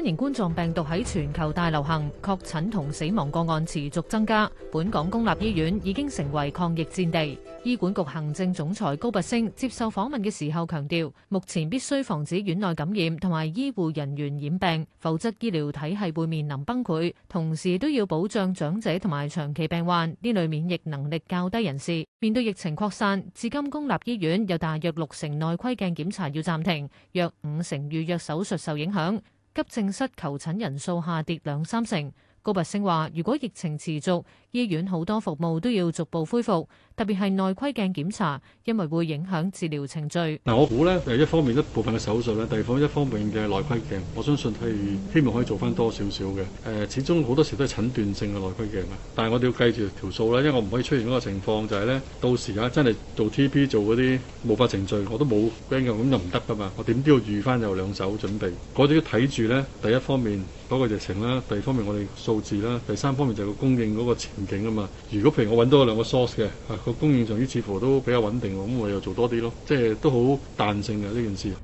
新型冠狀病毒喺全球大流行，確診同死亡個案持續增加。本港公立醫院已經成為抗疫戰地。醫管局行政總裁高拔陞接受訪問嘅時候強調，目前必須防止院內感染同埋醫護人員染病，否則醫療體系會面臨崩潰。同時都要保障長者同埋長期病患呢類免疫能力較低人士。面對疫情擴散，至今公立醫院有大約六成內窺鏡檢查要暫停，約五成預約手術受影響。急症室求診人數下跌兩三成。高拔陞話，如果疫情持續，醫院好多服務都要逐步恢復，特別係內窺鏡檢查，因為會影響治療程序。嗱，我估咧，誒，一方面一部分嘅手術咧，第二方一方面嘅內窺鏡，我相信係希望可以做翻多少少嘅。誒，始終好多時都係診斷性嘅內窺鏡啊，但係我哋要計住條數啦，因為我唔可以出現嗰個情況，就係咧，到時啊，真係做 T P 做嗰啲無法程序，我都冇翻咁就唔得噶嘛。我點都要預翻有兩手準備，嗰啲要睇住咧，第一方面嗰個疫情啦，第二方面我哋。佈置啦，第三方面就係個供應嗰個前景啊嘛。如果譬如我揾到兩個 source 嘅，啊個供應上於似乎都比較穩定，咁我又做多啲咯。即係都好彈性嘅呢件事。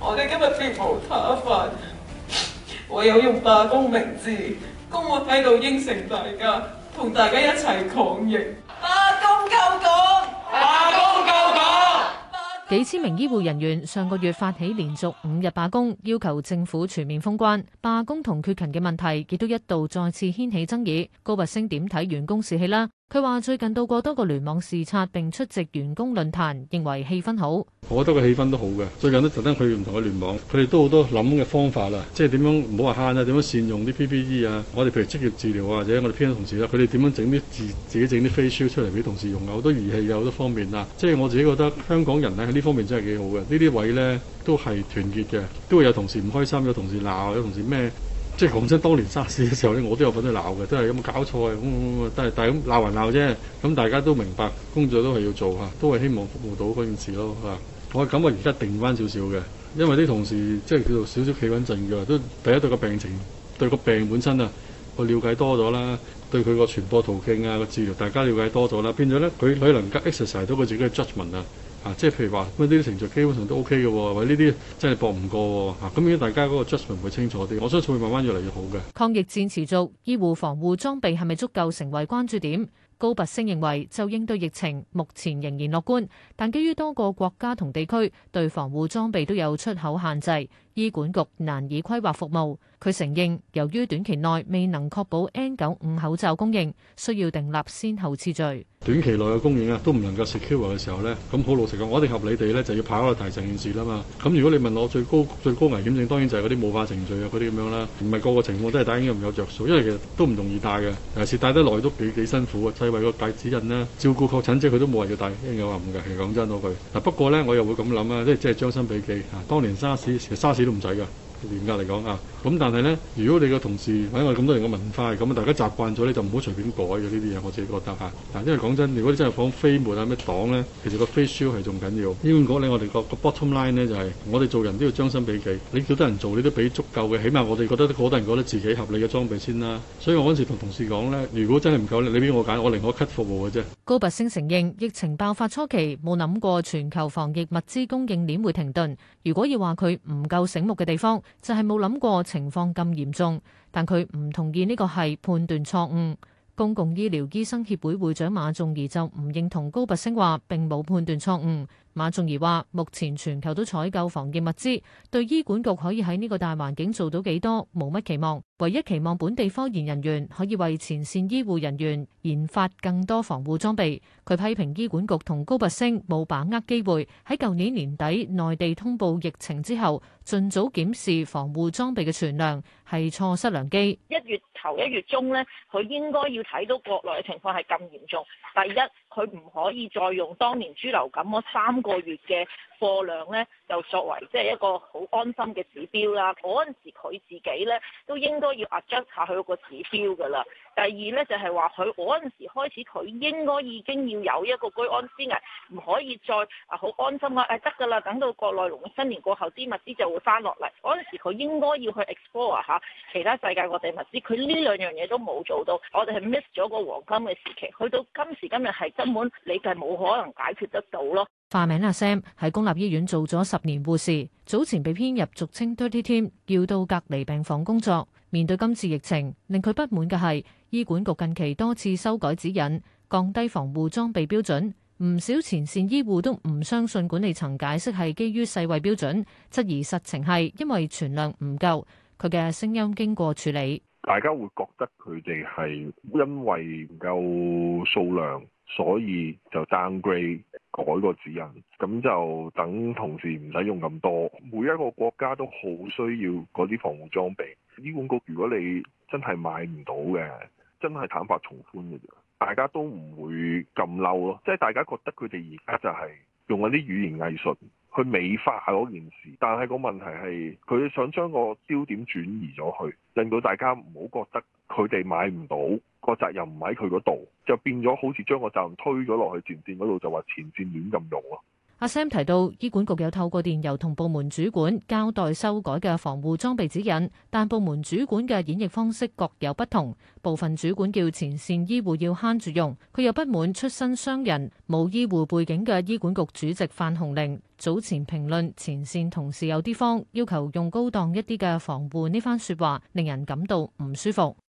我哋今日別無他法，唯有用罷工名字，咁我喺度應承大家，同大家一齊抗疫罷工夠夠。幾千名醫護人員上個月發起連續五日罷工，要求政府全面封關。罷工同缺勤嘅問題，亦都一度再次掀起爭議。高拔陞點睇員工士氣啦？佢話最近到過多個聯網視察，並出席員工論壇，認為氣氛好。我覺得個氣氛都好嘅。最近都特登去唔同嘅聯網，佢哋都好多諗嘅方法啦，即係點樣唔好話慳啊，點樣善用啲 P P E 啊。我哋譬如職業治療或者我哋 P E 同事啦，佢哋點樣整啲自自己整啲 face shield 出嚟俾同事用啊，好多儀器有好多方面啊。即係我自己覺得香港人咧喺呢方面真係幾好嘅。呢啲位咧都係團結嘅，都會有同事唔開心，有同事鬧，有同事咩。即係講真，當年沙士嘅時候咧，我都有份去鬧嘅，都係有冇搞錯啊！咁咁咁，但係但係咁鬧還鬧啫。咁大家都明白，工作都係要做啊，都係希望服務到嗰件事咯。嚇，我感覺而家定翻少少嘅，因為啲同事即係叫做少少企穩陣㗎，都第一對個病情，對個病本身啊我了解多咗啦，對佢個傳播途徑啊個治療，大家了解多咗啦，變咗咧佢佢能夠 exercise 到佢自己嘅 judgment 啊。啊，即係譬如話，咁呢啲程序基本上都 OK 嘅喎，呢啲真係博唔過喎，嚇，咁樣大家嗰個 judgement 會清楚啲。我相信會慢慢越嚟越好嘅。抗疫戰持續，醫護防護裝備係咪足夠成為關注點？高拔陞認為，就應對疫情，目前仍然樂觀，但基於多個國家同地區對防護裝備都有出口限制，醫管局難以規劃服務。佢承認，由於短期內未能確保 N95 口罩供應，需要訂立先後次序。短期內嘅供應啊，都唔能夠 secure 嘅時候呢，咁好老實講，我哋合理地呢就要跑去提成件事啦嘛。咁如果你問我最高最高危險性，當然就係嗰啲霧化程序啊，嗰啲咁樣啦，唔係個個情況都係戴應該唔有着數，因為其實都唔容易戴嘅，尤其是戴得耐都幾幾辛苦啊。你為個大指引啦，照顧確診者佢都冇話要帶，我話唔嘅，講真嗰句。嗱，不過咧，我又會咁諗啦，即係即係將心比己。當年沙士，其實沙士都唔使噶。嚴格嚟講啊，咁但係咧，如果你個同事喺、啊、我咁多人個文化嘅，咁啊大家習慣咗咧，你就唔好隨便改嘅呢啲嘢。我自己覺得嚇，嗱、啊，但因為講真，如果你真係放飛沫啊、咩擋咧，其實個 face shield 係仲緊要。應該講咧，就係、我哋個個 bottom line 咧就係，我哋做人都要將心比己。你叫得人做，你都俾足夠嘅，起碼我哋覺得好多人都覺得自己合理嘅裝備先啦。所以我嗰時同同事講咧，如果真係唔夠你俾我揀，我寧可 cut 服務嘅啫。高拔陞承認疫情爆發初期冇諗過全球防疫物資供應鏈會停頓。如果要話佢唔夠醒目嘅地方，就係冇諗過情況咁嚴重，但佢唔同意呢個係判斷錯誤。公共醫療醫生協會會長馬仲儀就唔認同高拔陞話，並冇判斷錯誤。馬仲儀話：目前全球都採購防疫物資，對醫管局可以喺呢個大環境做到幾多，冇乜期望。唯一期望本地科研人員可以為前線醫護人員研發更多防護裝備。佢批評醫管局同高拔陞冇把握機會，喺舊年年底內地通報疫情之後，盡早檢視防護裝備嘅存量，係錯失良機。一月頭一月中呢，佢應該要睇到國內嘅情況係咁嚴重。第一。佢唔可以再用當年豬流感嗰三個月嘅貨量呢，就作為即係一個好安心嘅指標啦。嗰陣時佢自己呢，都應該要 adjust 下佢嗰個指標噶啦。第二呢，就係話佢嗰陣時開始，佢應該已經要有一個居安思危，唔可以再啊好安心啊誒得㗎啦，等到國內農曆新年過後啲物資就會翻落嚟。嗰陣時佢應該要去 explore 下其他世界各地物資，佢呢兩樣嘢都冇做到，我哋係 miss 咗個黃金嘅時期，去到今時今日係得。根本你就冇可能解決得到咯。化名阿、啊、Sam 喺公立醫院做咗十年護士，早前被編入俗稱 dirty team，要到隔離病房工作。面對今次疫情，令佢不滿嘅係醫管局近期多次修改指引，降低防護裝備標準。唔少前線醫護都唔相信管理層解釋係基於世衛標準，質疑實情係因為存量唔夠。佢嘅聲音經過處理。大家會覺得佢哋係因為唔夠數量，所以就 downgrade 改個指引，咁就等同事唔使用咁多。每一個國家都好需要嗰啲防護裝備。醫管局如果你真係買唔到嘅，真係坦白從寬嘅啫，大家都唔會咁嬲咯。即係大家覺得佢哋而家就係用嗰啲語言藝術。佢美化嗰件事，但係個問題係佢想將個焦點轉移咗去，令到大家唔好覺得佢哋買唔到，個責任唔喺佢嗰度，就變咗好似將個責任推咗落去前線嗰度，就話前線亂咁用咯。阿 Sam 提到，醫管局有透過電郵同部門主管交代修改嘅防護裝備指引，但部門主管嘅演繹方式各有不同。部分主管叫前綫醫護要慳住用，佢又不滿出身商人、冇醫護背景嘅醫管局主席范鴻齡早前評論前綫同事有啲慌，要求用高檔一啲嘅防護，呢番說話令人感到唔舒服。